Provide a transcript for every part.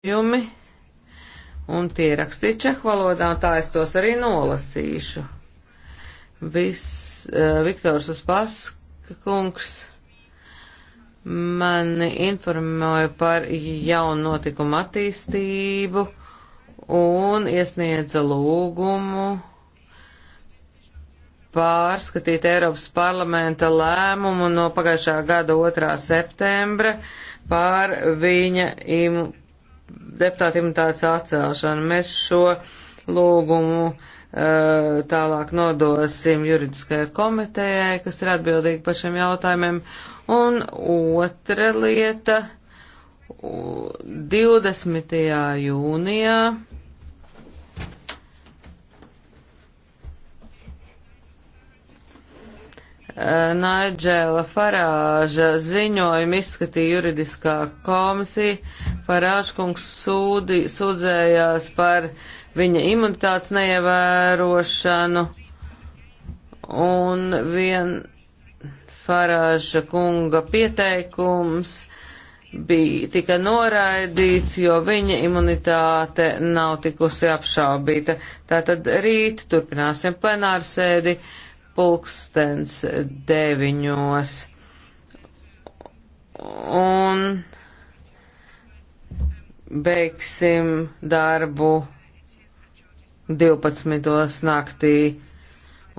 jumi, un tie rakstīja čehu valodā, tā es tos arī nolasīšu. Viss uh, eh, Viktors Uspaskungs mani informēja par jaunu notikumu attīstību un iesniedza lūgumu pārskatīt Eiropas parlamenta lēmumu no pagājušā gada 2. septembra pār viņa imunitāti deputāta imunitātes atcelšanu. Mēs šo lūgumu uh, tālāk nodosim juridiskajai komitejai, kas ir atbildīgi par šiem jautājumiem. Un otra lieta, 20. jūnijā Eh, Naidžēla Farāža ziņojumu izskatīja juridiskā komisija. Farāžkungs sūdi, sūdzējās par viņa imunitātes neievērošanu un vien Farāža kunga pieteikums bija tika noraidīts, jo viņa imunitāte nav tikusi apšaubīta. Tātad rīt turpināsim plenārsēdi. sēdi pulkstens deviņos. Un beigsim darbu 12. naktī.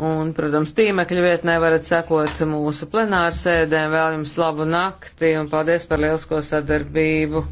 Un, protams, tīmekļa vietnē varat sekot mūsu plenārsēdēm. Vēl jums labu nakti un paldies par lielisko sadarbību.